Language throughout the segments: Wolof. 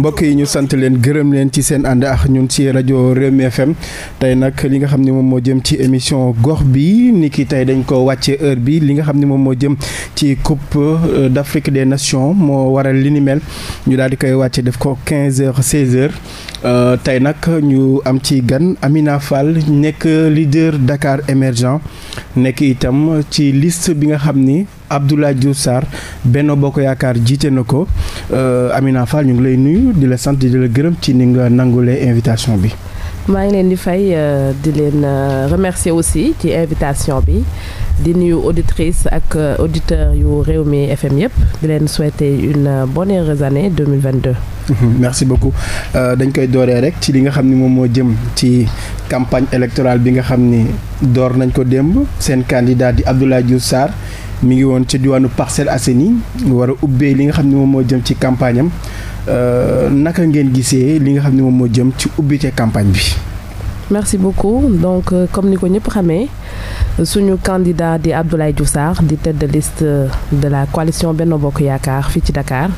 mbokk yi ñu sant leen gërëm leen ci seen ànd ak ñun ci rajo Rewmi FM tey nag li nga xam ne moom moo jëm ci émission gox bi ni ki tey dañ ko wàcce heure bi li nga xam ni moom moo jëm ci coupe euh, d'Afrique des Nations moo waral li ni mel ñu daal di koy wàccee def ko 15 heures 16 heures euh, tey nag ñu am ci gan Amina Fall nekk leader Dakar émergent nekk itam ci list bi nga xam ni Abdoulaye Diouf Sarr Benno Bokk Yaakaar jiite na ko euh, Amina Fall ñu ngi lay nuyu di la sant di la gërëm ci ni nga nangulee invitation bi. maa ngi leen di fay euh, di leen euh, remercier aussi ci invitation bi di nuyu auditrice ak auditeur yu Rewmi FM yëpp di leen souhaiter une bonne heureuse année 2022 mhm, merci beaucoup dañ koy dooree rek ci li nga xam ni moom moo jëm ci campagne électorale bi nga xam ni door nañ ko démb seen candidat di Abdoulaye Diouf Sarr mi ngi woon ca diwaanu Parcelles Assainies war a ubbee li nga xam ne moom moo jëm ci campagne am euh, naka ngeen gisee li nga xam ne moom moo jëm ci ubbite campagne bi. merci beaucoup donc euh, comme ni ko ñëpp xamee suñu candidat di Abdoulaye Diouf Sarr di tête de de la coalition benn Bokk Yaakaar fii ci dakaar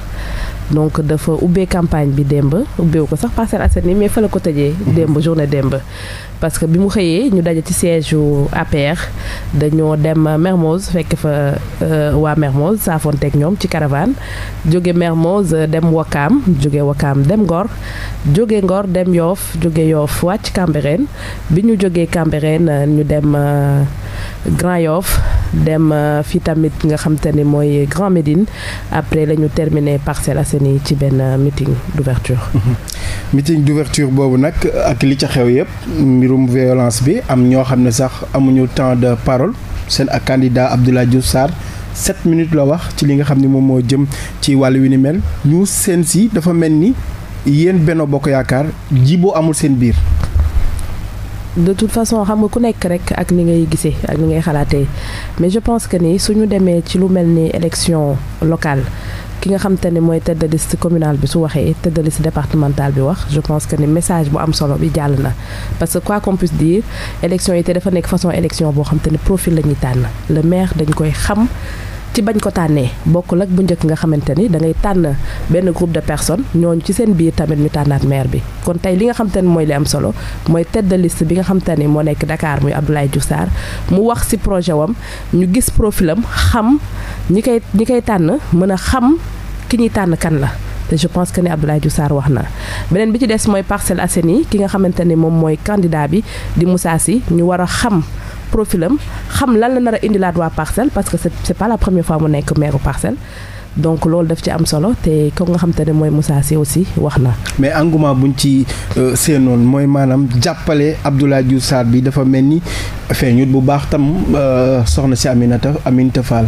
donc dafa ubbee campagne bi démb ubbeewu ko sax Parcelles ni mais fa la ko tëjee mhm. démb journée démb parce que bi mu xëyee ñu daje ci siège u APR dañoo dem Mermoz fekk fa euh, waa Mermoz saafonteeg ñoom ci caravane jóge Mermoz euh, dem Wakaam jóge Wakaam dem Ngor jóge Ngor dem Yoff jóge Yoff wàcc Cambérène bi ñu jógee Cambérène euh, ñu dem Grand Yoff dem euh, fi tamit nga xam te ne mooy Grand Médine après la ñu terminé Parcelles Assainies ci benn euh, meeting d'ouverture meeting d'ouverture boobu nag ak li ca xew yëpp mbirum violence bi am ñoo xam ne sax amuñu temps de parole seen ak candidat Abdoulaye Diouf Sarr sept minutes la wax ci li nga xam ne moom moo jëm ci wàll wi ni mel ñu seen si dafa mel ni yéen benn Bokk Yaakaar ji boo amul seen biir de toute façon xam nga ku nekk rek ak ni ngay gisee ak ni ngay xalaatee mais je pense que ni su ñu demee ci lu mel ni élection locale ki nga xam te ne mooy tête de liste communale bi su waxee tête de liste bi wax je pense que ni message bu am solo bi jàll na parce que quoi qu'on puisse dire élection yi te dafa nekk façon élection boo xam te ne profil la ñuy tànn le maire dañ koy xam ci bañ ko tànnee bokkul ak bu njëkk nga xamante ni da ngay tànn benn groupe de personne ñooñu ci seen biir tamit ñu tànnaat maire bi kon tey li nga xamante ni mooy li am solo mooy tête de liste bi nga xamante ni moo nekk Dakar muy Abdoulaye Diouf mu wax ci projet wam ñu gis profilam xam ñi koy ñi koy tànn mën a xam ki ñuy tànn kan la te je pense que ni Abdoulaye Diouf Sarr wax na beneen bi ci des mooy Parcelles Assainies ki nga xamante ni moom mooy candidat bi di Moussa Sy ñu war a xam profil xam lan la nar a indilaat waa parcelle parce que c'est pas la première fois mu nekk maire parcelle donc loolu daf ci am solo te ko nga xam te ne mooy Moussa Sy aussi wax na. mais engouement buñ ci euh, seenoon mooy maanaam jàppale Abdoulaye Diouf Sarr bi dafa mel ni feeñut bu baax tam euh, soxna si Aminata Aminata Fall.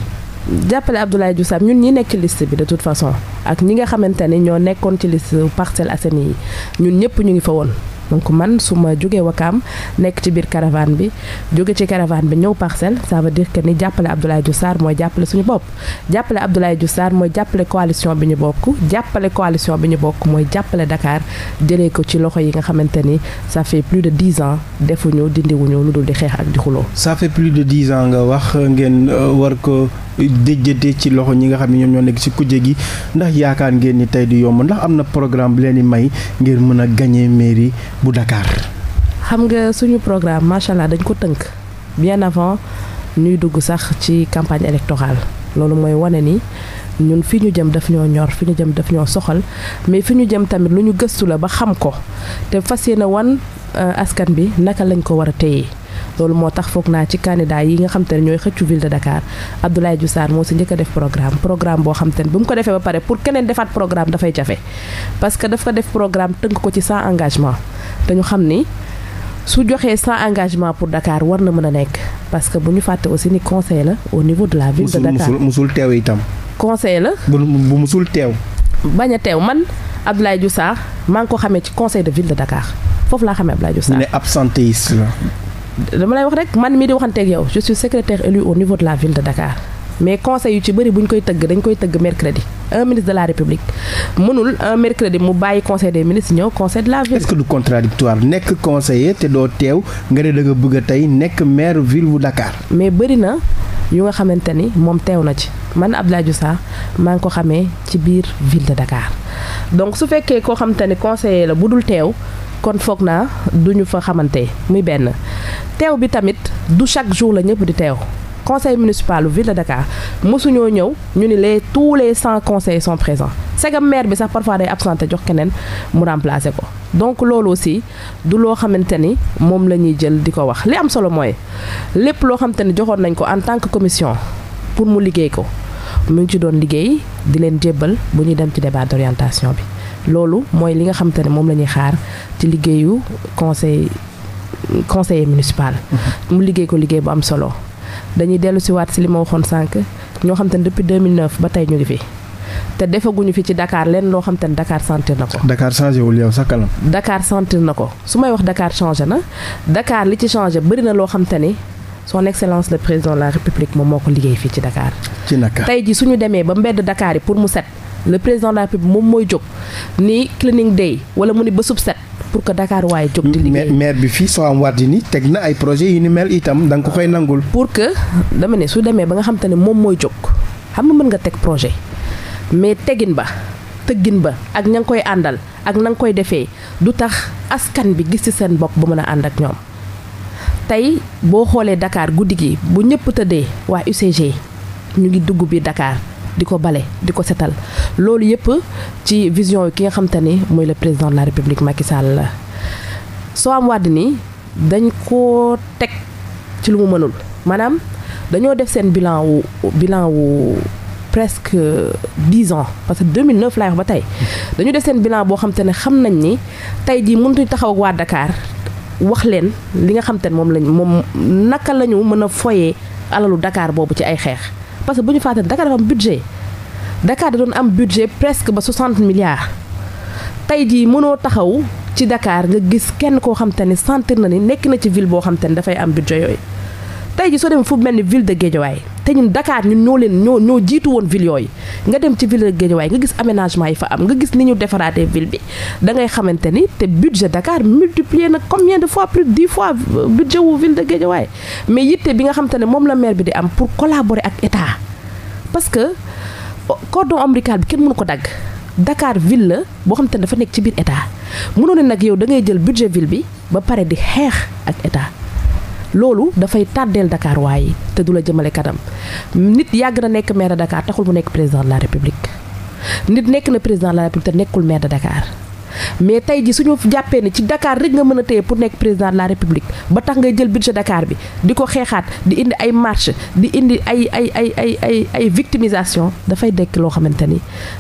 jàppale Abdoulaye Diouf Sarr ñun ñi nekk ci liste bi de toute façon ak ñi nga xamante ne ñoo nekkoon ci liste Parcelles Assainies yi ñun ñëpp ñu ngi fa woon. donc man su ma jógee wakaam nekk ci biir caravane bi jóge ci caravane bi ñëw parcelle ça veut dire que ni jàppale Abdoulaye Diouf Sarr mooy jàppale suñu bopp jàppale Abdoulaye Diouf Sarr mooy jàppale coalition bi ñu bokk jàppale coalition bi ñu bokk mooy jàppale Dakar jëlee ko ci loxo yi nga xamante ni ça fait plus de dix ans defuñu dindiwuñu lu dul di xeex ak di xuloo ça fait plus de dix ans nga wax ngeen euh, war ko déjjatee ci loxo ñi nga xam ne ñoom ñoo nekk ci kujje gi ndax yaakaar ngeen ni tey du yomb ndax am na programme bi leen di may ngir mën a gagner mairie bu dakaar xam nga suñu programme macha allah dañ ko tënk bien avant ñuy dugg sax ci campagne électorale loolu mooy wane ni. ñun fi ñu jëm daf ñoo ñor fi ñu jëm daf ñoo soxal mais fi ñu jëm tamit lu ñu gëstu la ba xam ko te fas yéene wan euh, askan bi naka lañ ko war a téye loolu moo tax foog naa ci candidat yi nga xam te ne ñooy xëccu ville de Dakar Abdoulaye Diouf Sarr moo si njëkk def programme programme boo xam te ne bu mu ko defee ba pare pour keneen defaat programme dafay jafe parce que dafa def programme tënk ko ci sans engagement dañu xam ni su joxee sans engagement pour dakaar war na mën a nekk parce que bu ñu fàtte aussi ni conseil la au niveau de la ville de Dakar musul teew itam conseil la bu musul teew bañ a teew man Abdoulaye Diouf Sarr maa ngi xamee ci conseil de ville de Dakar laa xamee Abdoulaye Diouf Sarr. mu ne absentéiste dama lay wax rek man mi di waxanteeg yow je suis secrétaire élu au niveau de la ville de Dakar mais conseil yu ci bëri bu ñu koy tëgg dañ koy tëgg mercredi un ministre de la république mënul un mercredi mu bàyyi conseil des ministres ñëw conseil de la ville. est-ce que du contradictoire nekk conseiller te doo teew nga ne da nga bëgg a tey nekk maire ville bu Dakar. mais bëri na yu nga xamante ni moom teew na ci man Abdoulaye Diouf Sarr maa ngi ko xamee ci biir ville de donc su fekkee koo xamante ni conseiller la bu dul teew. kon foog naa du ñu fa xamante muy benn teew bi tamit du chaque jour la ñëpp di teew conseil municipal bu ville de Dakar ñëw ñu ni les tous les cent conseillers sont présents segam maire bi sax parfois day absenté jox keneen mu remplacer ko donc loolu aussi du loo xamante ni moom la ñuy jël di ko wax li am solo mooy lépp loo xamante ni joxoon nañ ko en tant que commission pour mu liggéey ko mu ngi ci doon liggéey di leen jébbal bu ñuy dem ci débat d'orientation bi loolu mooy li nga xamante ne moom la ñuy xaar ci liggéeyu conseil conseiller municipal. Mm-hmm. mu liggéey ko liggéey bu am solo. dañuy dellu si waat si li ma waxoon sànq ñoo xam te ne depuis 2009 ba tey ñu ngi fi te defaguñu fi ci dakaar leen loo xam te ne Dakar sentir na ko. Dakar changé wul yow sa kanam. Dakar sentir na ko su may wax Dakar changé na dakaar li ci changé bëri na loo xam te ni son excellence le président de la république moom moo ko liggéey fii ci Dakar. ci naka tey jii suñu demee ba mbedd Dakar yi pour mu set. le président de la moom mooy jóg ni cleaning day wala mu ni ba sub set pour que dakaar waaye jóg di liggéey maire bi fi fii Soham ni teg na ay projet yu ni mel itam da nga ko koy nangul pour que dama ne su demee ba nga xam te ne moom mooy jóg xam nga mën nga teg projet mais tegin ba tëggin ba ak ña ngi koy àndal ak na nga koy defee du tax askan bi gis ci seen bopp ba mën a ànd ak ñoom tey boo xoolee dakaar guddi gi bu ñëpp tëddee waa UCG ñu ngi dugg biir Dakar di ko bale di ko setal loolu yëpp ci vision ki nga xam te ni mooy le président de la république Macky Sall la soo am wàdd ni dañ koo teg ci lu mu mënul maanaam dañoo def seen bilan wu bilan wu presque euh, dix ans parce que 2009 laay wax ba tey dañu def seen bilan boo xam te ne xam nañ ni tey jii mënutuñ taxaw ak waa dakaar wax leen li nga xam te ne moom lañ moom naka la ñu mën a foyee alalu Dakar boobu ci ay xeex parce que bu ñu fàtte Dakar dafa am budget Dakar da doon am budget presque ba 60 milliards tey jii mënoo taxaw ci Dakar nga gis kenn koo xam te ne sentir na ni nekk na ci ville boo xam te ne dafay am budget yooyu tey jii soo demee fu mel ni ville de Guédiawaye te ñun dakaar ñun ñoo leen ñoo ñoo jiitu woon ville yooyu nga dem ci ville Guédiawaye nga gis aménagement yi fa am nga gis ni ñu defaraatee ville bi da ngay xamante ni te budget Dakar multiplier na combien de fois plus de dix fois budget wu ville de Guédiawaye mais yitte bi nga xamante ne moom la maire bi di am pour collaborer ak état parce que cordon ombilical bi kenn mënu ko dagg dakaar ville la boo xamante ne dafa nekk ci biir état mënoo ne nag yow da ngay jël budget ville bi ba pare di xeex ak état loolu dafay tàddeel dakaar waaye te du la jëmale kanam nit yàgg na nekk maire de Dakar taxul mu nekk président de la République nit nekk na président de la République te nekkul maire de Dakar mais tey ji suñu jàppee ne ci dakaar rek nga mën a téye pour nekk président de la République ba tax ngay jël budget Dakar bi di ko xeexaat di indi ay marche di indi ay ay ay ay ay ay victimisation dafay dekk loo xamante ni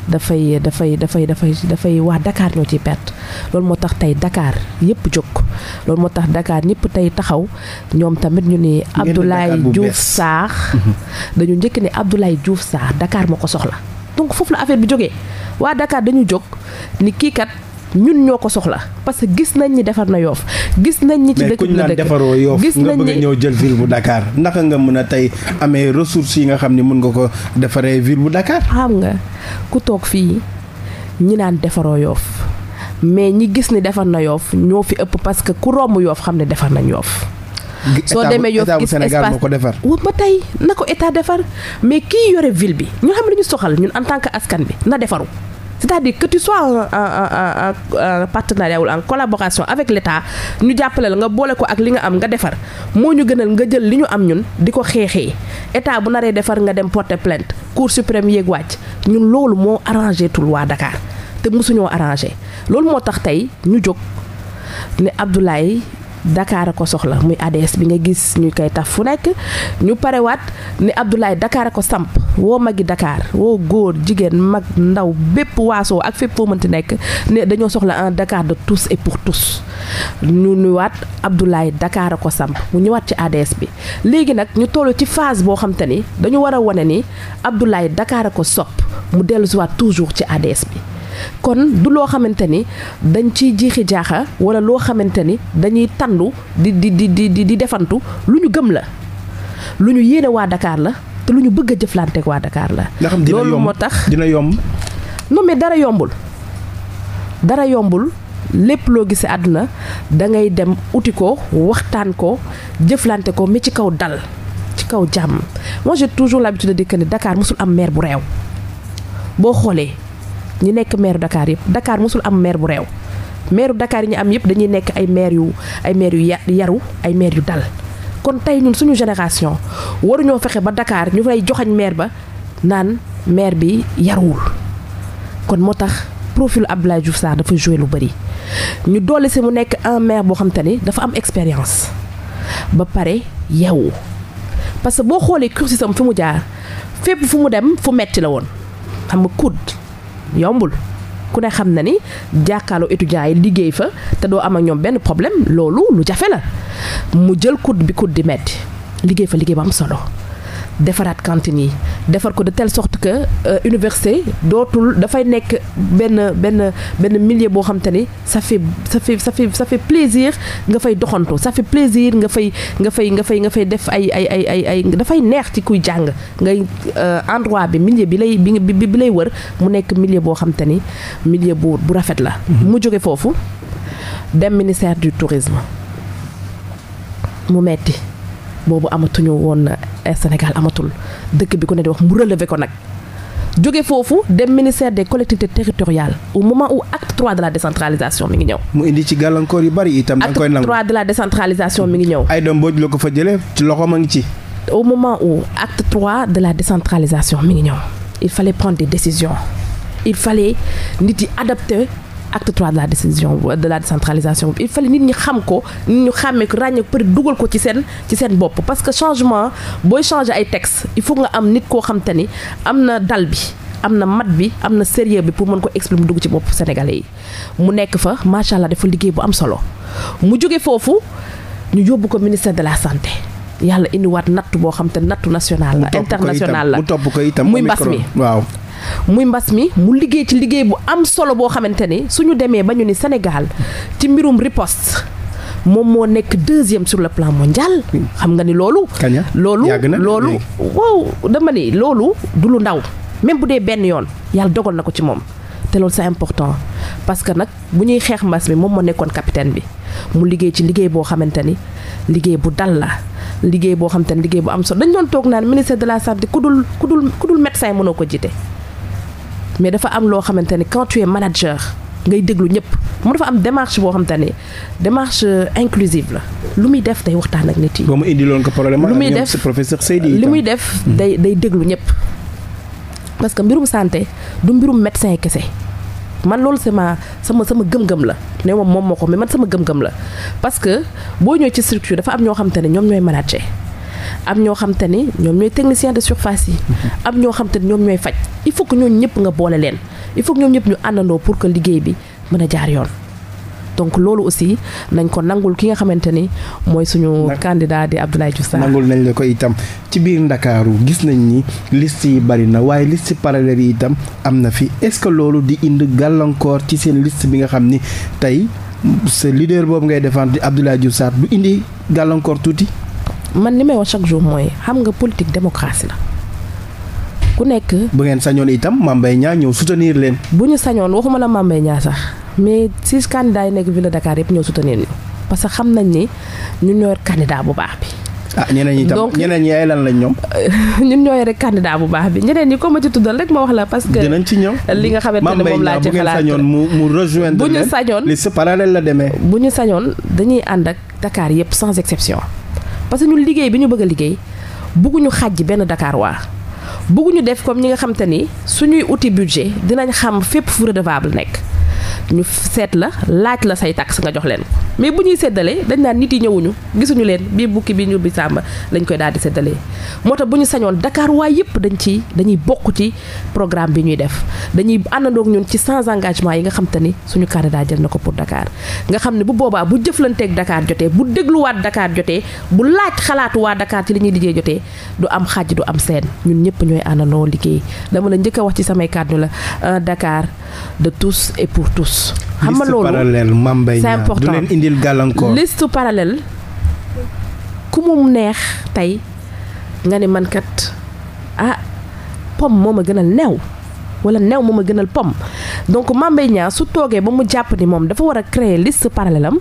dafay dafay dafay dafay dafay waa dakaar ñoo ciy perte loolu moo tax tey dakaar yëpp jóg loolu moo tax dakaar ñëpp tey taxaw ñoom tamit ñu ni mhm. Abdoulaye Diouf Sarr dañu njëkk ni ne Abdoulaye Diouf Sarr dakaar moo ko soxla donc foofu la affaire bi jógee waa dakaar dañu jóg ni kiikat ñun ñoo ko soxla parce que gis nañ ni defar na yoof gis nañ ni ci dëkk bi la dëkk mais kuñ naan defaroo yoof nga a ñëw jël ville bu Dakar naka nga mën a tey amee ressources yi nga xam ni mun nga ko defaree ville bu Dakar. xam nga ku toog fii ñi naan defaroo yoof mais ñi gis ni defar na yoof ñoo fi ëpp parce que ku romb yoof xam ne defar nañ yoof. soo demee yoof gis espace moo ko defar ba tey na ko état defar mais kii yore ville bi ñu xam li ñu soxal ñun en tant que askan bi na defaru. c'est-à-dire que tu sois euh, euh, euh, en en en collaboration avec l'État ñu jàppale la nga boole ko ak li nga am nga defar moo ñu gënal nga jël li ñu am ñun di ko xeexee État bu naree defar nga dem porter plainte Cour suprême yéeg wàcc ñun loolu moo arrangé tul waa Dakar te mosuñoo arrangé loolu moo tax tey ñu jóg ne Abdoulaye Dakar a ko soxla muy ADS bi nga gis ñu koy taf fu nekk ñu parewaat ni Abdoulaye dakaar a ko samp woo magi dakaar woo góor jigéen mag ndaw bépp waasoo ak fépp foo mënti nekk ne dañoo soxla un dakaar de tous et pour tous ñu ñëwaat Abdoulaye Dakar a ko samp mu ñëwaat ci ADS bi léegi nag ñu toll ci phase boo xam te ni dañu war a wane ni Abdoulaye Dakar a ko sopp mu dellusiwaat toujours ci ADS bi kon du loo xamante ni dañ ciy jiixi jaaxa wala loo xamante ni dañuy tàndu di di defantu lu ñu gëm la lu ñu yéene waa dakaar la te lu ñu bëgg a jëflanteeg waa dakaar la. loolu moo tax dina yomb non mais dara yombul dara yombul. lépp loo gisee àdduna dangay dem uti ko waxtaan ko jëflante ko mais ci kaw dal ci kaw jàmm moi j'ai toujours l'habitude de dire ni Dakar mosul am maire bu réew boo xoolee ñi nekk maire Dakar yëpp Dakar mosul am maire bu réew maire dakaar yi ñu am yëpp dañuy nekk ay maire yu ay maire yu yaru ay maire yu dal kon tey ñun suñu génération waruñoo fexe ba dakaar ñu fay joxañ maire ba naan maire bi yaruwul kon moo tax profil Abdoulaye Diouf Sarr dafa joué lu bëri ñu doole si mu nekk un maire boo xam ni dafa am expérience ba pare yeewu parce que boo xoolee cursus am fi mu jaar fépp fu mu dem fu metti la woon xam nga coude yombul ku ne xam na ni jàkkaarloo étudiants yi liggéey fa te doo am ak ñoom benn problème loolu lu jafe la mu jël coude bi coude di metti liggéey fa liggéey bu am solo defaraat cantine yi defar ko de telle sorte que euh, université dootul dafay nekk benn benn benn millier boo xam te ni ça fait ça fait ça fait plaisir nga fay doxantu ça plaisir nga fay nga fay nga fay nga fay def ay ay ay ay ay dafay neex ci kuy jàng ngay euh, endroit bi millier bi lay bi bi lay wër mu nekk millier boo xam te ni milieu bu bu rafet la. Mhm. mu jóge foofu dem ministère du tourisme mu metti boobu amatuñu woon eh, Sénégal amatul dëkk bi ku ne di wax mu relevé ko nag jóge foofu dem ministère de collectivités territoriales au moment où acte 3 de la décentralisation mi ngi ñëw. mu indi ci gàllankoor yu bari itam. da koy nangu acte mi ngi ñëw. ay doom boo la ko fa jëlee ci loxo ma ngi ci. au moment où acte 3 de la décentralisation mi ngi ñëw il fallait prendre des décisions il fallait nit yi adapter. acte trois de la décision de la décentralisation il fallait nit ñi xam ko nit ñu xàmmee ko ràññee ko peut dugal ko ci seen ci seen bopp parce que changement booy changer ay texte i faut nga am nit koo xam te ni am na dal bi am na mat bi am na sérieux bi pour mën ko exprimer dugg ci bopp sénégalais yi mu nekk fa macha allah dafa liggéey bu am solo mu jóge foofu ñu yóbbu ko ministère de la santé yàlla indiwaat nattu boo xam te nattu nationale la internationale la muy mbas mi muy mbas mi mu liggéey ci liggéey bu am solo boo xamante ni suñu demee ba ñu ni Sénégal ci mbirum riposte moom moo nekk deuxième sur le plan mondial. xam nga ni loolu. loolu loolu waaw dama ni loolu du lu ndaw même bu dee benn yoon yàlla dogal na ko ci moom. te loolu c'est important parce que nag bu ñuy xeex mbas mi moom moo nekkoon capitaine bi mu liggéey ci liggéey boo xamante ni liggéey bu dal la liggéey boo xamante ni liggéey bu am solo dañ doon toog naan ministère de la santé ku dul ku dul ku dul médecin ko jiite. mais dafa am loo xamante ne quand tu es manager ngay déglu ñëpp mu dafa am démarche boo xamante ne démarche euh, inclusive la lu muy def day waxtaan ak nit yi. ba mu indiloon ko problème lu muy def professeur Seydi li muy def hmm. day day déglu ñëpp parce que mbirum sante du mbirum médecin kese. man loolu sama sama sama gëm-gëm la ne moom moom moo ko mais man sama gëm-gëm la parce que boo ñëwee ci structure dafa am ñoo xamante ne ñoom ñooy manager am ñoo xam ni ñoom ñooy technicien de surface yi am ñoo xam ni ñoom ñooy faj i faut que ñoom ñëpp nga boole leen il faut ñoom ñëpp ñu àndandoo pour que liggéey bi mën a jaar yoon donc loolu aussi nañ ko nangul ki nga xamante ni mooy suñu candidat di Abdoulaye Diouf Sarr nangul nañ la ko itam ci biir ndakaaru gis nañ ni list yi bari na waaye liste parallèle yi itam am na fi est-ce que loolu di indi gàllankoor ci seen liste bi nga xam ni tey sa leader boobu ngay défendre di Abdoulaye Diouf Sarr du indi gàllankoor tuuti man li may wax chaque jour mooy xam nga politique démocratie la ku nekk. bu ngeen sañoon itam Mame ñaa ñëw soutenir leen. bu ñu sañoon waxuma la Mame Mbaye Niang sax mais six candidats yi nekk ville de yëpp ñëw soutenir ñu parce que xam nañ ni ñun ñoo yor bu baax bi. ah ñeneen ñi tam ñeneen ñi lan lañ ñoom. ñun ñoo yore candidat bu baax bi ñeneen ñi ko ma ci tuddal wax la parce que. dinañ ci ñëw li nga xamante ne moom laa ci xalaat bu ngeen sañoon mu mu rejoindre. bu ñu sañoon la demee. bu ñu sañoon dañuy ànd ak dakaar yëpp sans exception parce que ñun liggéey bi ñu bëgg a liggéey bugguñu xàjj benn Dakar waa bugguñu def comme ñi nga xam te ni suñuy outil budget dinañ xam fépp fu redevable nekk ñu seet la laaj la say tax nga jox leen ko mais bu ñuy séddalee dañ naan nit yi ñëwuñu gisuñu leen bii bukki bii ñu bi sàmba lañ koy daal di séddalee moo tax bu ñu sañoon Dakar waay yëpp dañ ci dañuy bokk ci programme bi ñuy def dañuy àndandoog ñun ci sans engagement yi nga xam te ni suñu candidat jël na ko pour dakaar nga xam ne bu boobaa bu jëflanteeg Dakar jotee bu dégluwaat dakaar jotee bu laaj xalaatu waa Dakar ci li liggéey jotee du am xaaj du am seen ñun ñëpp ñooy àndandoo liggéey dama la njëkk a wax ci samay kàddu la euh, Dakar de tous et pour xam nga loolu liste parallèle Mame Mbaye Niang. c'est important du leen indil gàllankoor. liste ku mu neex tey nga ne mankat kat ah pomme moo ma gënal neew wala neew moo ma gënal pomme donc Mame Mbaye Niang su toogee ba mu jàpp ni moom dafa war a créer liste parallèle am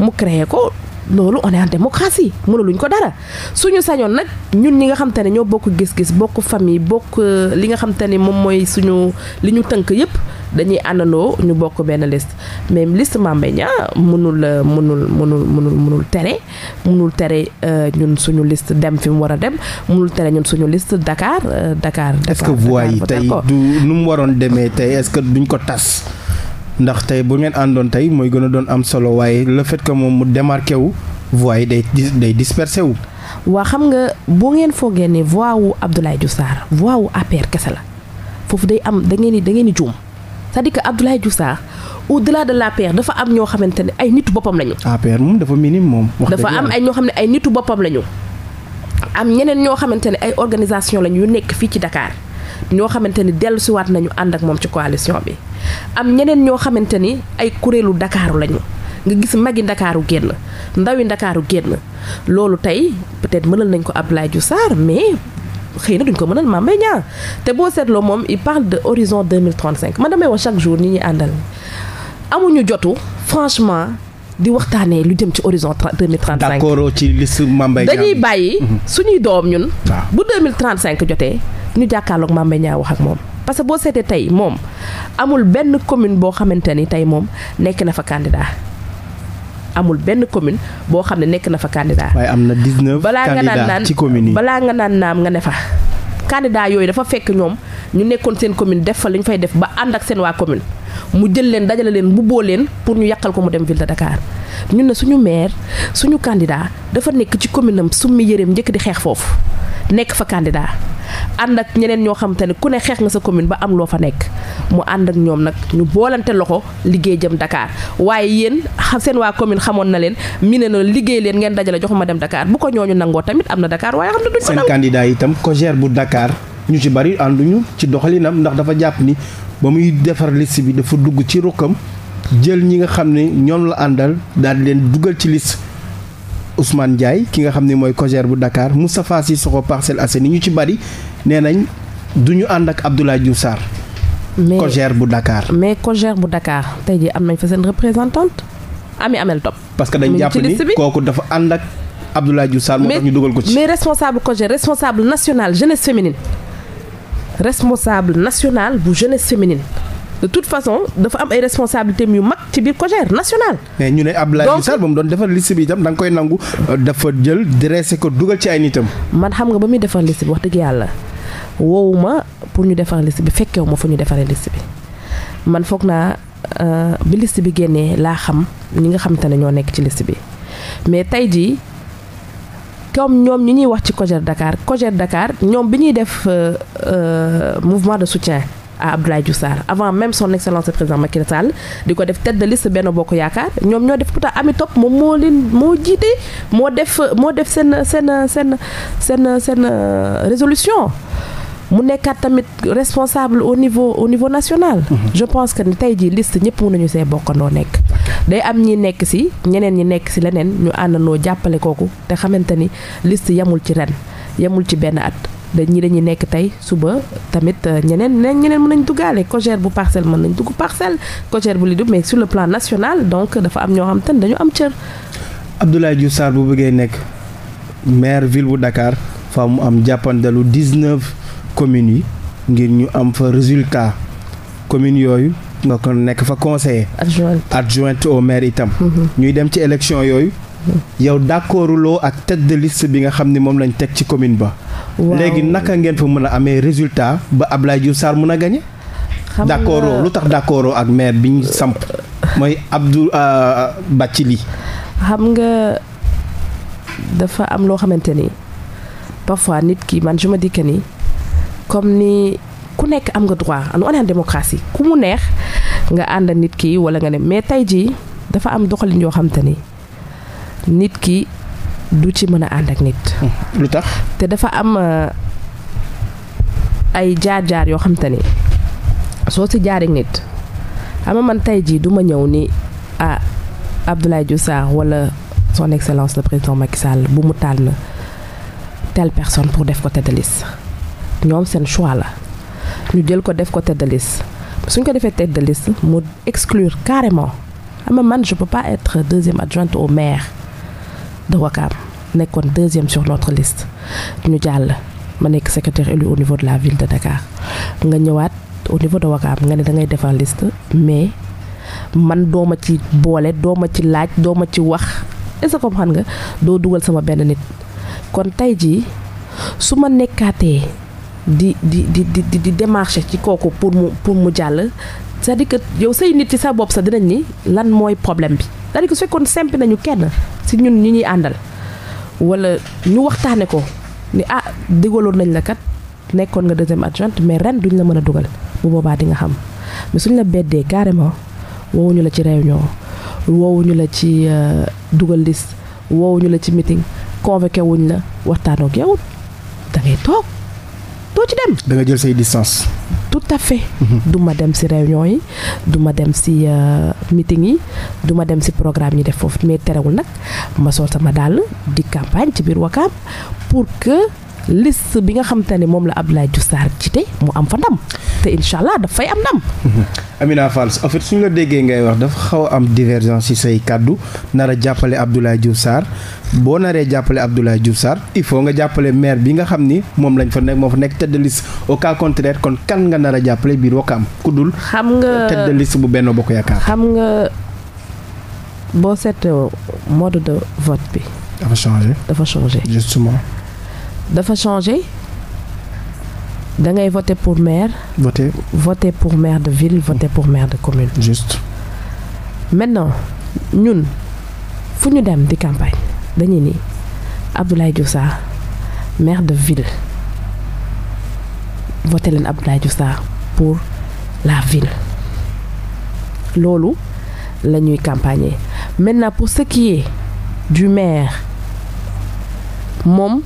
mu créer ko. loolu on est en démocratie mënuluñ ko dara suñu sañoon nag ñun ñi nga xam ne ñoo bokk gis-gis bokk famille bokk euh, li nga xam te moom mooy suñu li ñu tënk yépp dañuy àndandoo ñu bokk benn liste mais list Mame Mbaye mënul euh, mënul mënul mënul mënul tere mënul tere euh, ñun suñu liste dem fi mu war a dem mënul tere ñun suñu list Dakar dakaar Dakar est-ce que tey nu mu waroon demee tey est-ce duñ ko tas. ndax tey boo ngeen àndoon tey mooy gën a doon am solo waaye le fait que moom mu démarqué wu voix yi day day dispersé wu. waa xam nga boo ngeen foogee ne voix wu Abdoulaye Diouf Sarr voix wu APR kese la foofu day am da ngeen di da ngeen di juum c'est-à-dire que Abdoulaye Diouf Sarr au-delà de l'APR dafa am ñoo xamante ne ay nitu boppam lañu. APR moom dafa minime moom. dafa am ay ñoo xam ne ay nitu boppam lañu. am ñeneen ñoo xamante ne ay organisation lañu yu nekk fii ci Dakar. ñoo xamante ni dellu dellusiwaat nañu ànd ak moom ci coalition bi am ñeneen ñoo xamante ni ay kuréelu ndakaaru lañu nga gis magi ndakaaru génn ndawi ndakaaru génn loolu tey peut-être mënal nañ ko Abdoulaye Diouf Sarr mais xëy na duñ ko mënal Mame Mbaye Niang te boo seetloo moom il parle de horizon 2035 man damay wax chaque jour ñi ñuy àndal amuñu jotu franchement di waxtaanee lu jëm ci horizon 2035 d'accord ci liste su Mbaye Niang dañuy bàyyi mhm. suñuy doom ñun bu 2035 jotee ñu jàkkaarloog Mame Mbaye Niang wax ak moom parce que boo seetee tey moom amul benn commune boo xamante ni tey moom nekk na fa candidat amul benn commune boo xam ne nekk na fa candidat. am na 19 candidats ci commune yi balaa nga naan naam nga ne fa. candidat yooyu dafa fekk ñoom ñu nekkoon seen commune def fa li ñu fay def ba ànd ak seen waa commune mu jël leen dajale leen mbubboo leen pour ñu yàqal ko mu dem ville dakaar ñun ne suñu maire suñu candidat dafa nekk ci commune am summi yëreem njëkk di xeex foofu. nekk fa candidat ànd ak ñeneen ñoo xam te ne ku ne xeex nga sa commune ba am loo fa nekk mu ànd ak ñoom nag ñu boolante loxo liggéey jëm Dakar waaye yéen seen waa commune xamoon na leen mi ne na liggéey leen ngeen dajale joxuma dem dakaar bu ko ñooñu nangoo tamit am na dakaar waaye xam na duñ ko seen candidat itam cogère bu dakaar ñu ci bari ànduñu ci doxalinam ndax dafa jàpp ni ba muy defar liste bi dafa dugg ci rukkam jël ñi nga xam ne ñoom la àndal daal di leen dugal ci liste Ousmane Ndiaye ki nga xam ne mooy cogère bu dakaar Dakar Moustapha Cissokho Parcelles Assainies ñu ci bari nee nañ du ñu ànd ak Abdoulaye Diouf Sarr. mais cogère bu dakaar mais cogère bu Dakar tey jii am nañ fa seen représentante Ami Amel Top. parce que dañ jàpp ni kooku dafa ànd ak Abdoulaye Diouf Sarr moo tax ñu dugal ko ci. mais responsable cogère responsable national jeunesse féminine responsable national bu jeunesse féminine. de toute façon dafa am ay responsabilités yu mag ci biir COJER national. mais ñu ne Abdoulaye Sarr ba mu doon defar liste bi itam da nga koy nangu euh, dafa jël dressé ko dugal ci ay nitam. man xam nga ba muy defar liste bi wax dëgg yàlla woowuma pour ñu defar liste bi fekkewu ma fu ñu defaree liste bi man foog naa euh, bi liste bi génnee laa xam ñi nga xamante ne ñoo nekk ci liste bi mais tey jii comme ñoom ñi ñuy wax ci COJER Dakar COJER Dakar ñoom bi ñuy def euh, mouvement de soutien. à Abdoulaye Diouf Sarr avant même son excellence président Macky Sall di ko def tête de liste Benno Bokk Yaakaar ñoom ñoo def pourtant Ami Top moom moo leen moo jiite moo def moo def seen seen seen seen seen euh, résolution mu nekkaat tamit responsable au niveau au niveau national. Mhm. je pense que ni tey jii list ñëpp mën nañu see bokkanoo nekk. day am ñi nekk si ñeneen ñi nekk si leneen ñu àndandoo jàppale kooku te xamante ni list yamul ci ren yamul ci benn at. ñi dañuy nekk tey suba tamit euh, ñeneen neen ñeneen mën nañ duggaale cogère bu parcelle mën nañ dugg parcelle cogère bu Leadup mais sur le plan national donc dafa am ñoo xam te ne dañu am cër Abdoulaye Diouf Sarr bu bëggee nekk maire ville bu Dakar fa mu am jàppandalu 19 communes yi ngir ñu am fa résultat communes yooyu nga ko nekk fa conseiller adjointe au maire itam mm-hmm. ñuy dem ci élection yooyu yow d'accorduloo ak tête de bi nga xam ni moom lañ teg ci commune ba. waaw léegi naka ngeen fa mën a amee résultat ba Abdoulaye Diouf Sarr mën a gagné. xam lu tax d'accordoo ak maire bi ñu samp mooy Abdou euh, li xam nga dafa am loo xamante ni parfois nit kii man je me dis que ni comme ni ku nekk am nga droit on est en ku mu neex nga ànd nit ki wala nga ne mais tey jii dafa am doxalin yoo xamante ni. nit ki du ci mën a ànd ak nit. Hmm. lu tax te dafa am euh, ay jaar-jaar yoo xam ni soo ci jaar ak nit ama man tey jii du ma ñëw ni ah Abdoulaye Diouf Sarr wala son excellence le président Macky Sall bu mu tànn telle personne pour def ko tête de ñoom seen choix la ñu jël ko def ko tête de suñ ko defee tête de mu exclure carrément am a man je peux pas être deuxième adjointe au maire. de Wakam nekkoon deuxième sur notre liste ñu jàll ma nekk secrétaire élu au niveau de la ville de Dakar nga ñëwaat au niveau de Wakam nga ne da ngay defar liste mais man dooma ci boole dooma ci laaj dooma ci wax est-ce comme xam nga doo dugal sama benn nit kon tey jii su ma nekkaatee di di di di di démarché ci kooku pour mu pour mu jàll cest à yow say nit ci sa bopp sa dinañ ni lan mooy problème bi c'est-à-dire que su fekkoon simple nañu kenn si ñun ñi ñuy àndal wala ñu waxtaane ko ni ah digaloon nañ la kat nekkoon nga deuxième adjointe mais ren duñ la mën a dugal bu boobaa di nga xam mais suñ la beddee carrément woowuñu la ci réunion woowuñu la ci euh, dugal liste woowuñu la ci meeting convoqué wuñ la waxtaanook yow da ngay toog ci dem. da jël say distance. tout à fait du dem si réunion yi du ma dem si euh, meeting yi du ma dem si programme yi def foofu mais terewul nag ma sol sama dàll di campagne ci biir Wakaam pour que liste bi nga xam te ne moom la Abdoulaye Diouf Sarr jiite mu am fa ndam te incha allah daf am ndam. Amina Fall en fait suñu la déggee ngay wax dafa xaw a am divergence ci say kàddu nar a jàppale Abdoulaye Diouf Sarr boo naree jàppale Abdoulaye Diouf Sarr il faut nga jàppale maire bi nga xam ni moom lañ fa nekk moo fa nekk tête de liste au contraire kon kan nga nar a jàppale biir Wakaam ku dul. xam nga tête de bu benn Bokk Yaakaar. xam nga boo seetloo mode de vote bi. dafa changé dafa changé. justement. dafa changer da ngay voter pour maire. voter pour maire de ville voter pour maire de commune. juste. maintenant ñun fu ñu dem di campagne dañu ni Abdoulaye Diouf Sarr maire de ville voté leen Abdoulaye Diouf Sarr pour la ville loolu la ñuy campagner maintenant pour ce qui du maire moom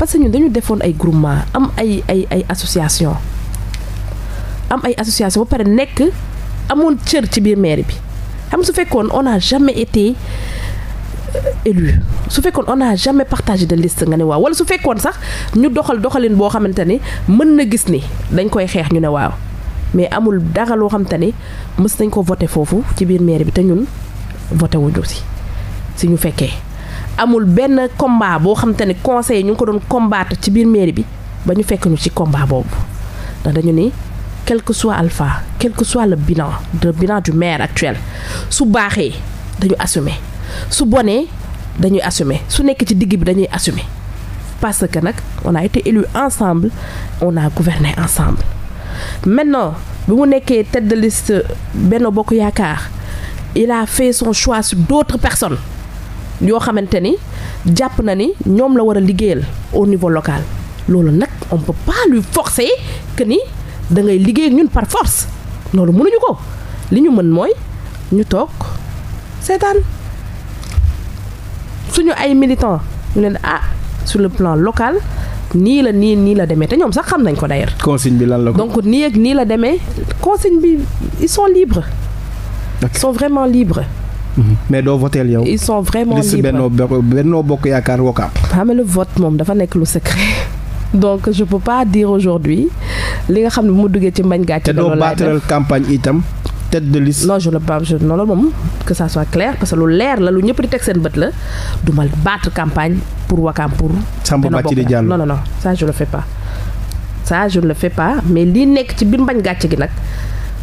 parce que ñun dañu defoon ay groupement am ay ay ay association am ay association ba pare nekk amoon cër ci biir mairie bi am su fekkoon on a jamais été euh, élu su fekkoon on a jamais partagé de liste nga ne waaw wala su fekkoon sax ñu doxal doxalin boo xamante ne mën na gis ni dañ koy xeex ñu ne waaw mais amul dara loo xamante ne mës nañ ko voté foofu ci biir mairie bi te ñun voté wuñu si si ñu fekkee. amul benn combat boo xam te ne conseil ñu ngi ko doon combattre ci biir mairie bi ba ñu fekk ñu ci combat boobu ndax dañu ni quelque que soit alpha quel que soit le bilan le bilan du maire actuel su baaxee dañu assumer su bonee dañuy assumer su nekk ci digg bi dañuy assumer parce que nag on a été élu ensemble on a gouverné ensemble maintenant bi mu nekkee tête de benn Benno Bokk Yaakaar il a fait son choix sur d'autres yoo xamante ni jàpp na ni ñoom la war a liggéeyal au niveau local loolu nag on peut pas lui que ni dangay ngay liggéey ñun par force loolu mënuñu ko li ñu mën mooy ñu toog seetaan suñu ay militants ñu leen ah sur le plan local nii la nii nii la demee te ñoom sax xam nañ ko d'ailleurs. consigne bi lan la ko donc nii ak nii la demee consigne bi ils sont libres. ils sont vraiment libres. Mm-hmm. mais doo voteel yow. ils sont vraiment libres liste Benno Bokk Yaakaar Wakaam. xam nga vote moom dafa nekk lu secret. donc je peux pas dire aujourd'hui li nga xam ne bu mu duggee ci mbañ gàcce. te doo campagne itam. tête de liste non je ne pas je moom que ça soit clair parce que lu leer la lu ñëpp di seen bët la du ma battre campagne pour Wakaam pour. Samba Bathily Diallo non non le fais pas. ça le fais mais lii nekk ci biir mbañ gàcce gi nag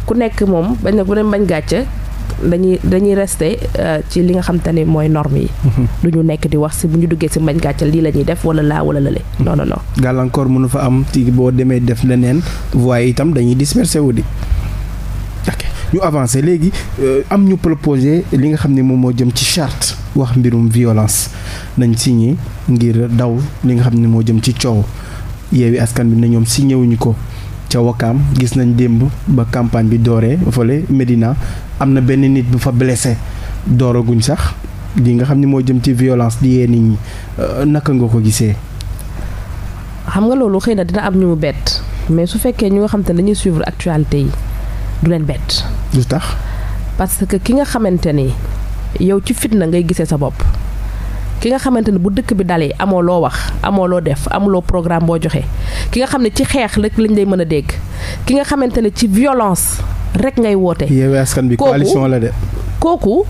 ku nekk moom bañ ne ku ne mbañ gàcce. dañuy dañuy rester euh, ci li nga xam te ne mooy norme yi. lu mhm. ñu nekk di wax si bu ñu duggee si maj gàcce lii la ñuy def wala laa wala lële. Mhm. non non non. gàllankoor mënu fa am ci boo demee def leneen voie itam dañuy disperser wu di. ok ñu avancer léegi euh, am ñu proposé li nga xam ni moom moo jëm ci charte wax mbirum violence nañ signé ngir daw li nga xam ne moo jëm ci coow yeewi askan bi na ñoom signé wuñu ko ca Wakaam gis nañ démb ba campagne bi dooree fële médina am na benn nit bu fa blessé dooraguñ sax di nga xam ni moo jëm ci violence di yee nit ñi euh, naka nga ko gisee. xam nga loolu xëy na dina am ñu mu bett mais su fekkee ñu nga xam te ne dañuy suivre actualité yi du leen bett. lu tax parce que ki nga xamante ni yow ci fitna ngay gisee sa bopp. ki nga xamante ne bu dëkk bi dalee amoo loo wax amoo loo def amuloo programme boo joxe ki nga xam ne ci xeex la lañ lay mën a dégg ki nga xamante ne ci violence rek ngay woote. yeewee askan bi coalition la kooku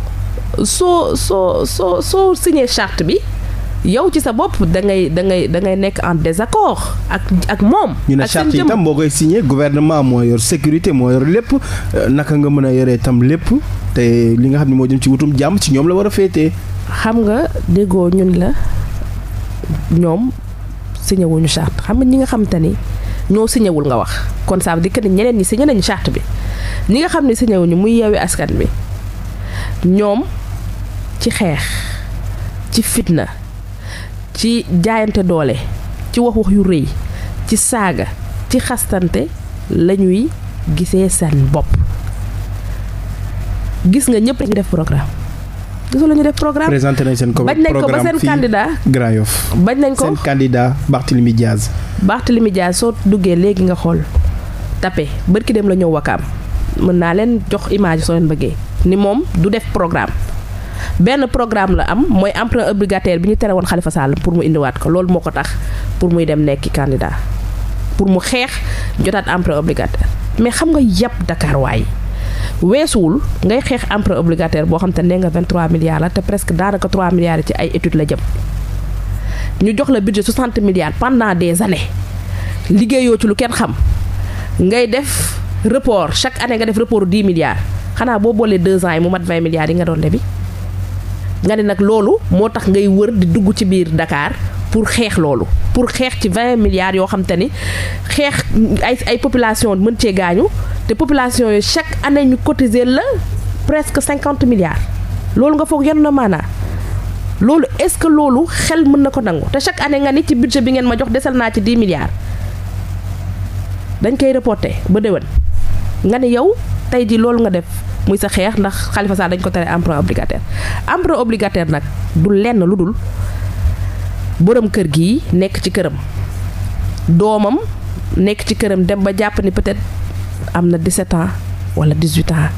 soo soo soo soo signé chart bi. yow ci sa bopp da ngay da ngay da nekk en désaccord ak ak moom. ñu ne charte yi tam boo koy signé gouvernement moo yor sécurité moo yor lépp euh, naka nga mën a yoree tam lépp te li nga xam ne moo jëm ci wutum jàmm ci ñoom la war a féetee. xam nga déggoo ñun la ñoom signé wuñu xam nga ñi nga xam te ni ñoo signé wul nga wax kon ça veut dire que ni ñeneen ñi signé nañu charte bi ñi nga xam ne signé muy yeewi askan bi ñoom ci xeex ci fitna. ci jaayante doole ci wax wax yu rëy ci saaga ci xastante la ñuy gisee seen bopp gis nga ñëpp dañuy def programme. gisu la ñu def programme présenté nañ seen. programme bañ nañ ko ba seen candidat Grand Yoff bañ nañ ko seen candidat Barthélemy Diaz. Barthélemy Diaz soo duggee léegi nga xool tapé bërki dem la ñëw wakaam mën naa leen jox image soo leen bëggee ni moom du def programme. benn programme la am mooy emprunt obligataire bi ñu tere woon Khalifa Sall pour mu indiwaat ko loolu moo ko tax pour muy dem nekki candidat pour mu xeex jotaat emprunt obligataire mais xam nga yàpp Dakar waay weesuwul ngay xeex emprunt obligataire boo xam te ne nga 23 milliards la te presque daanaka 3 milliards ci ay études la jëm ñu jox la budget 60 milliards pendant des années liggéeyoo ci lu kenn xam ngay def report chaque année nga def report 10 milliards xanaa boo mu mat 20 milliards yi nga doon lebi. nga ne nag loolu moo tax ngay wër di dugg ci biir ndakaar pour xeex loolu pour xeex ci vingt milliards yoo xam te ni xeex ay ay population mën cee gaañu te population yi chaque année ñu cotiser la presque cinquante milliards loolu nga foog yenn na maanaa loolu est-ce que loolu xel mën na ko nangu te chaque année nga ni ci budget bi ngeen ma jox desal naa ci dix milliards dañ koy reporter ba déwén nga ne yow tey ji loolu nga def muy sa xeex ndax xalifa Sall dañ ko tere emprunt obligataire emprunt obligataire nag du lenn lu dul boroom kër gi nekk ci këram doomam nekk ci këram dem ba jàpp ni peut-être am na 17 ans wala 18 ans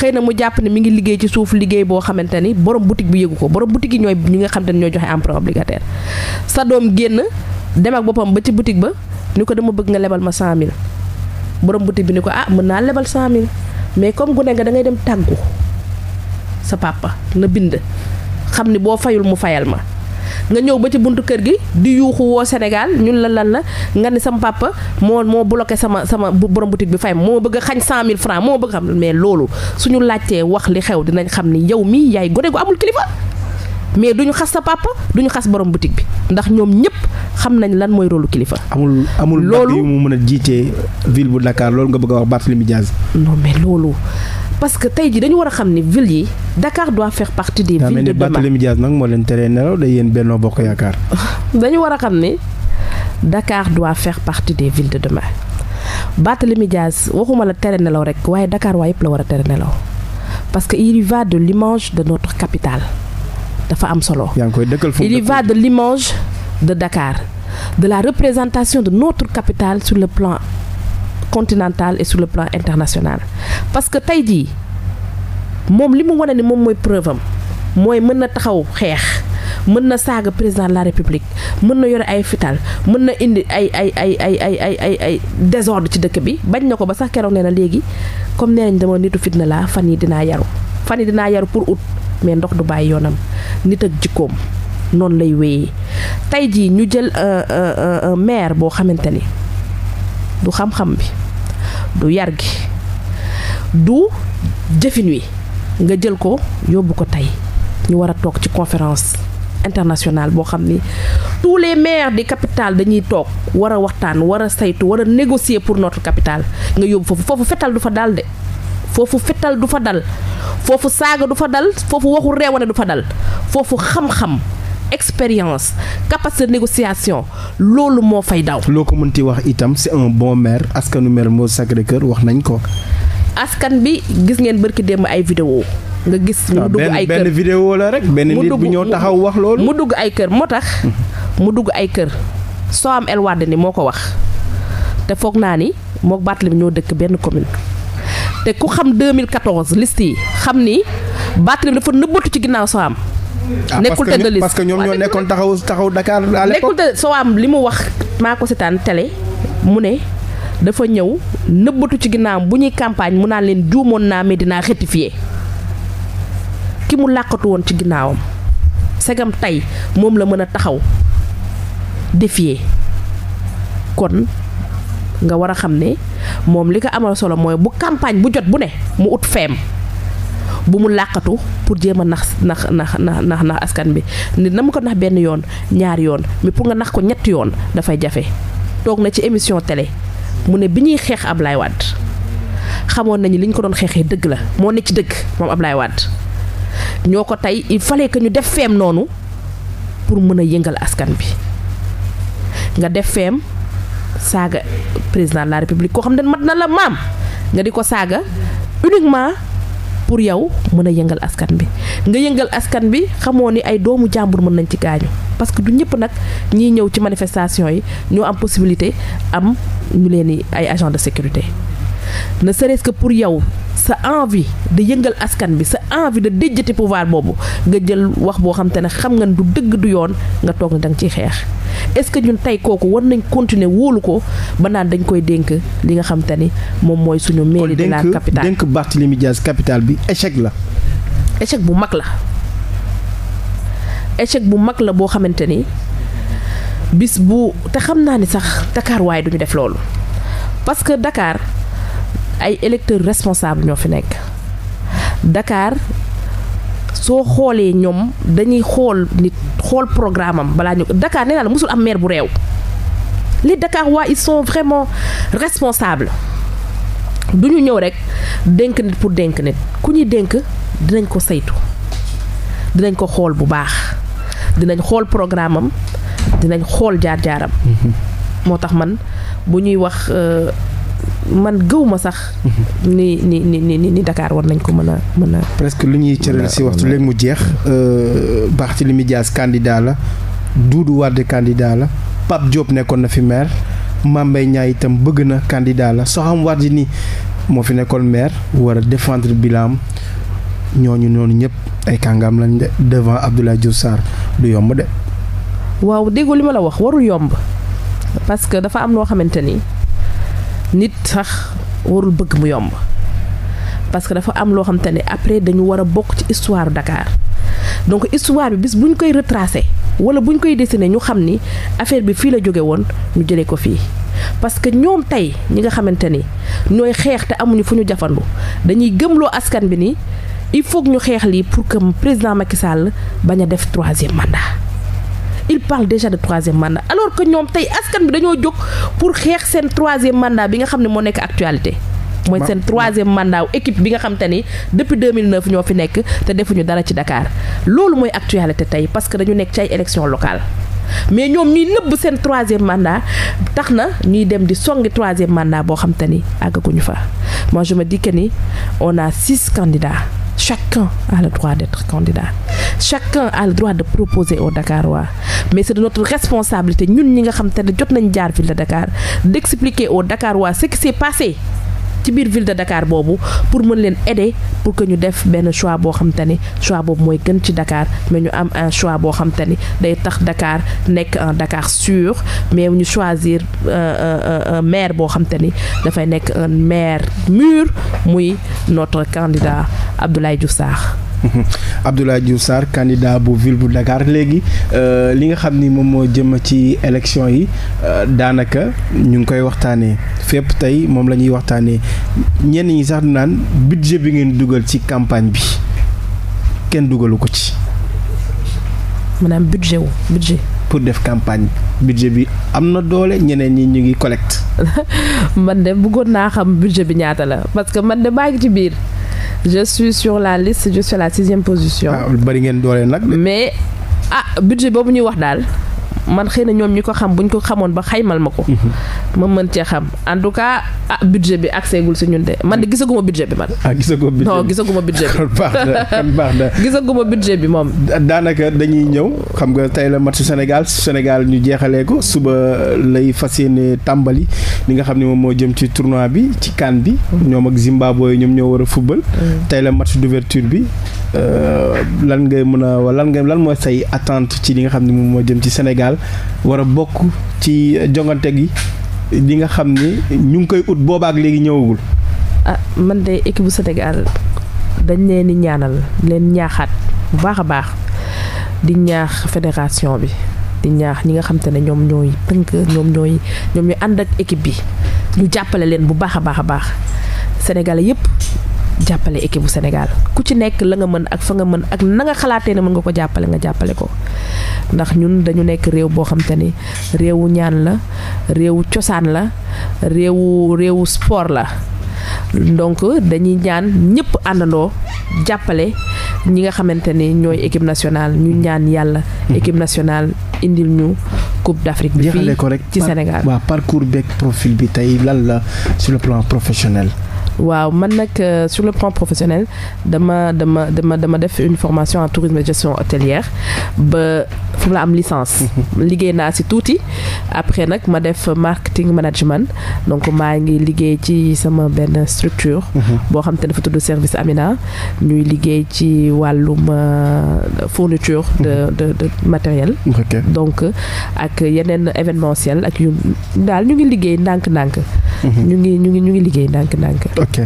xëy na mu jàpp ni mu ngi liggéey ci suuf liggéey boo xamante ni borom boutique bi yëgu ko borom boutique yi ñooy ñi nga xam te ne ñooy joxe emprunt obligataire sa doom génn dem ak boppam ba ci boutique ba ni ko dama bëgg nga lebal ma 100000 borom boutique bi ni ko ah mën naa lebal 100000 mais comme gune nga da dem tàggu sa papa na bind xam ni boo fayul mu fayal ma nga ñëw ba ci buntu kër gi di yuuxu woo Sénégal ñun la lan la nga ni sama papa moo moo bloqué sama sama borom boutique bi fay moo bëgg a xañ cent mille francs moo bëgg xam mais loolu suñu laajtee wax li xew dinañ xam ni yow mii yaay gone gu amul kilifa mais duñu xas sa papa duñu xas borom boutique bi ndax ñoom ñëpp xam nañ lan mooy rôle kilifa. amul amul loolu mu mën a jiite ville bu Dakar loolu nga bëgg a wax Barthélémy Diaz. non mais loolu parce que tey jii dañu war a xam ni ville yi Dakar doit faire partie des. villes de demain Barthélémy Diaz nag moo leen teree nelaw day yéen Benno Bokk Yaakaar. dañu war a xam ni Dakar doit faire partie des villes de demain Barthélémy Diaz waxuma la tere nelaw rek waaye dakaar waa yëpp la war a tere nelaw parce que il y de l'image de notre capitale. dafa am solo. il va de l'image de Dakar de la représentation de notre capitale sur le plan continental et sur le plan international parce que tey jii moom li mu wane ni moom mooy preuve am mooy mën na taxaw xeex mën na saaga président de la république mën na yore ay fital mën na indi ay ay ay ay ay ay ay ay désordre ci dëkk bi bañ na ko ba sax keroog nee léegi comme nee nañ dama nitu fitna laa fan yi dinaa yaru fan yi dinaa yaru pour août mais ndox du bàyyi yoonam nit ak jikkoom noonu lay wéyee tey jii ñu jël euh, euh, euh, maire boo xamante ni du xam-xam bi du yar gi du jëfin wi nga jël ko yóbbu ko tey ñu war a toog ci conférence internationale boo xam ni tous les maires des capitales dañuy toog war waxtaan war a saytu war a négocier pour notre capitale nga yóbbu foofu foofu fetal du fa daal de foofu fettal du fa dal foofu saaga du fa dal foofu waxu reewane du fa dal foofu xam-xam expérience capacité de négociation loolu moo fay daw. loo ko mënti wax itam c'est un bon maire askanu maire moo Sacré-Cœur wax nañ ko. askan bi gis ngeen bërki démb ay vidéo nga gis mu ah, dugg ay kër benn vidéo la rek benn nit bu ñëw taxaw wax loolu mu dugg ay kër moo tax mhm. mu dugg ay kër soo am elwaade ni moo ko wax te foog naa ni moo Barthélémy ñoo dëkk benn commune te ku xam 2014 liste yi xam ni Barthélémy dafa nëbbatu ci ginnaaw Soham ah, nekkul tête de liste parce que ñoom ñoo nekkoon taxaw taxaw Dakar à nekkul tête Soham li mu wax maa ko seetaan télé mu ne dafa ñëw nëbbatu ci ginnaawam bu ñuy campagne mu naa leen juumoon naa mais dinaa rectifier ki mu làqatu woon ci ginnaawam segam tey moom la mën a taxaw défier kon nga war a xam ne moom li ko amal solo mooy bu campagne bu jot bu ne mu ut feem bu mu làqatu pour jéem a nax nax nax nax nax askan bi nit na mu ko nax benn yoon ñaari yoon mi pour nga nax ko ñetti yoon dafay jafe toog na ci émission tele mu ne bi ñuy xeex Ablaye Wade xamoon nañu li ñu ko doon xeexee dëgg la moo ne ci dëgg moom Ablaye Wade ñoo ko tey il fallait que ñu def feem noonu pour mën a yëngal askan bi nga def feem saaga président de la république koo xam ne mat na la maam nga di ko saaga uniquement pour yow mën a yëngal askan bi nga yëngal askan bi xamoo ni ay doomu jàmbur mën nañ ci gaañu parce que du ñëpp nag ñiy ñëw ci manifestation yi ñoo am possibilité am ñu leen ay agent de sécurité ne serait-ce pour yow sa envie de yëngal askan bi sa envie de déjjati pouvoir boobu nga jël wax boo xam te ne xam nga du dëgg du yoon nga toog ne danga ciy xeex est-ce que ñun tey kooku war nañ continuer wóolu ko ba naan dañ koy dénk li nga xam te ni moom mooy suñu mairie de la capitale dénk Barthélémy Dias capitale bi échec la échec bu mag la échec bu mag la boo xamante ni bis bu te xam naa ni sax Dakar waaye duñu def loolu parce que Dakar ay électeurs responsables ñoo fi nekk dakaar soo xoolee ñoom dañuy xool nit xool programme balaa ñu Dakar nee naa la mosul am maire bu réew li Dakar waa ils sont vraiment responsable du ñu ñëw rek dénk nit pour dénk nit ku ñuy dénk dinañ ko saytu dinañ ko xool bu baax dinañ xool programme am dinañ xool jaar-jaaram mm-hmm. moo tax man bu ñuy wax euh, man gëw ma sax. ni ni ni ni ni Dakar war nañ ko mën a mën a. presque lu ñuy cëral si waxtu léegi mu jeex. baax euh, Barthélémy Dias candidat la Doudou Wade candidat la Pape Diop nekkoon na fi maire Mame Mbaye itam bëgg na kandidaa la Soham ni moo fi nekkoon maire war a défendre ñooñu noonu ñëpp ay kàngaam lañ de devant Abdoulaye Diouf lu du yomb de. waaw déggoo li ma la wax warul yomb parce que dafa am loo xamante ni. nit sax warul bëgg mu yomb parce que dafa am loo xam te après dañu war a bokk ci histoire Dakar donc histoire bi bis bu ñu koy retracé wala bu ñu koy dessiné ñu xam ni affaire bi fii la jóge woon ñu jële ko fii parce que ñoom tey ñi nga xamante ni ñooy xeex te amuñu fu ñu jafandu dañuy gëmloo askan bi ni il foog ñu xeex lii pour que président Macky Sall bañ a def troisième mandat il parle déjà de troisième mandat alors que ñoom tey askan bi dañoo jóg pour xeex seen troisième mandat bi nga xam ne moo nekk actualité mooy seen troisième mandat équipe bi nga xam te ni depuis 2009 ñoo fi nekk te defuñu dara ci Dakar loolu mooy actualité tey parce que dañu nekk ci ay élection locale mais ñoom ñuy nëbb seen troisième mandat tax na ñuy dem di songi troisième mandat boo xam te ni àggaguñu fa moi je me dis que ni on a six candidats Chacun a le droit d'être candidat. Chacun a le droit de proposer aux Dakarois. Mais c'est de notre responsabilité, ñun ñi nga xam te ne jot nañu jaar ville de Dakar, d'expliquer aux Dakarois ce qui s'est passé. ci biir ville de Dakar boobu pour mën leen aider pour que ñu def benn choix boo xam te ni choix boobu mooy gën ci Dakar mais ñu am un choix boo xam te ni day tax Dakar nekk un Dakar sûr mais ñu choisir euh, euh, euh, un maire boo xam te ni dafay nekk un maire mûr muy notre candidat Abdoulaye Diouf saax Abdoulaye Diouf Sarr candidat bu ville bu Dakar léegi euh, li nga xam ni moom moo jëm ci élection yi euh, daanaka ñu ngi koy waxtaanee fépp tey moom la ñuy waxtaanee ñenn ñi sax naan budget bi ngeen dugal ci campagne bi kenn dugalu ko ci. maanaam budget wu budget. pour def campagne budget bi am na doole ñeneen ñi ñu ngi collecte. man de bëggoon naa xam budget bi ñaata la parce que man de maa ngi ci biir. je suis sur la liste je suis à la sixième position. Ah, bëri ngeen doole nag. mais ah budget boobu ñuy wax daal. man xëy na ñoom ñi ko xam bu ñu ko xamoon ba xaymal ma ko. Mhm. ma mën cee xam en tout cas ah budget bi accès gul si ñun de man de gisaguma budget bi man. ah gisaguma budget bi non gisaguma budget bi. kon baax na kon baax na. gisaguma bi moom. daanaka dañuy ñëw xam nga tey la match Sénégal Sénégal ñu jeexalee ko suba lay fas yéene tàmbali li nga xam ne moom moo jëm ci tournoi bi ci CAN bi. Mhm. ñoom ak Zimbabwe ñoom ñoo war a football. Mhm. tey la match d'ouverture bi. Euh, lan ngay mën a lan ngay lan mooy say attente ci li nga xam ne moom moo jëm ci Sénégal. Sénégal war bokk ci jongante gi li nga xam ni ñu ngi koy ut boobaak léegi ñëwagul. ah man de équipe bu senegal dañ leen di ñaanal leen ñaaxaat bu baax a baax di ñaax fédération bi di ñaax ñi nga xam te ne ñoom ñooy tënk ñoom ñooy ñoom ñooy ànd ak équipe bi ñu jàppale leen bu baax a baax a baax sénégalais yépp jàppale équipe bu Sénégal ku ci nekk la nga mën ak fa nga mën ak na nga xalaatee ne mën nga ko jàppale nga jàppale ko ndax ñun dañu nekk réew boo xam te ni réewu ñaan la réewu cosaan la réewu réewu sport la donc dañuy ñaan ñëpp àndandoo jàppale ñi nga xamante ni ñooy équipe nationale ñu ñaan yàlla. Mhm. équipe nationale indil ñu coupe d'Afrique bi fii ci Sénégal. waaw parcours beeg profil bi tey lan la sur le plan professionnel. waaw man nag euh, sur le plan professionnel dama dama dama dama def une formation en tourisme et gestion hôtelière ba fu mu la am licence. Mhm. liggéey naa si tuuti après nag ma def marketing management donc maa ngi liggéey ci sama benn structure. Mhm. boo xam te dafa tudd service Amina ñuy liggéey ci wàllum euh, fourniture. de mhm. de de matériel. donc ak yeneen événementiel ak yu daal ñu ngi liggéey ndànk-ndànk. ñu ngi ñu ngi ñu ngi liggéey ndànk-ndànk. ok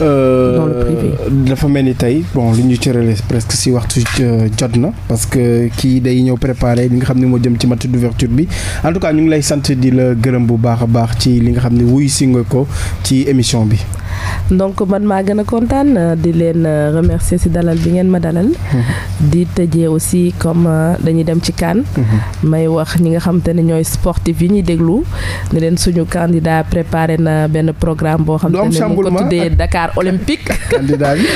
euh, dans le dafa mel ni tey bon li ñu cërale presque si waxtu euh, jot na parce que kii day ñëw préparer li nga xam ne moo jëm ci match d'ouverture bi en tout cas ñu ngi lay sant di la gërëm bu baax a baax ci li nga xam ne wuy si nga ko ci émission bi. donc man maa gën a kontaan euh, di leen euh, remercier ci dalal bi ngeen ma dalal. Mhm. di tëjee aussi comme euh, dañuy dem ci kaan mhm. may wax ñi nga xam ne ñooy sportif yi ñuy déglu ne leen suñu kandidaa préparé na benn programme boo xam te ne mu ko tuddee Dakar Olympique. candidat bi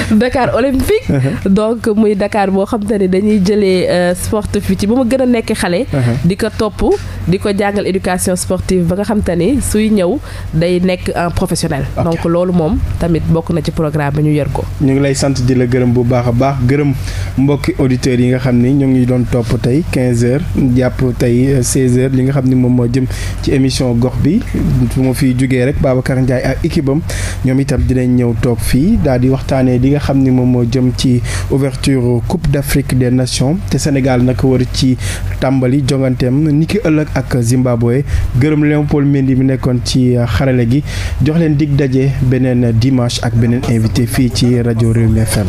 mhm. donc muy Dakar boo xam te dañuy jëlee sportif yi ci ba ma gën a nekk xale. di ko topp di ko jàngal éducation sportive ba nga xam ni suy ñëw day nekk un professionnel. donc loolu moom moom tamit bokk na ci programme bi ñu yor ko. ñu ngi lay sant di la gërëm bu baax a baax gërëm mbokki auditeurs yi nga xam ni ñoo ngi doon topp tey 15h jàpp tey 16 euh, li nga xam ni moom moo jëm ci émission gox bi fu ma fi jugee rek Babacar Ndiaye ak équipe ñoom itam dinañ ñëw toog fii daal di waxtaanee li nga xam ni moom moo jëm ci ouverture Coupe d'Afrique de Nations te Sénégal nag war ci tàmbali jonganteem niki ëllëg ak Zimbabwe gërëm Léopold Mendy mi nekkoon ci euh, xarale gi beneen dimanche ak beneen invité fii ci rajo Rewmi FM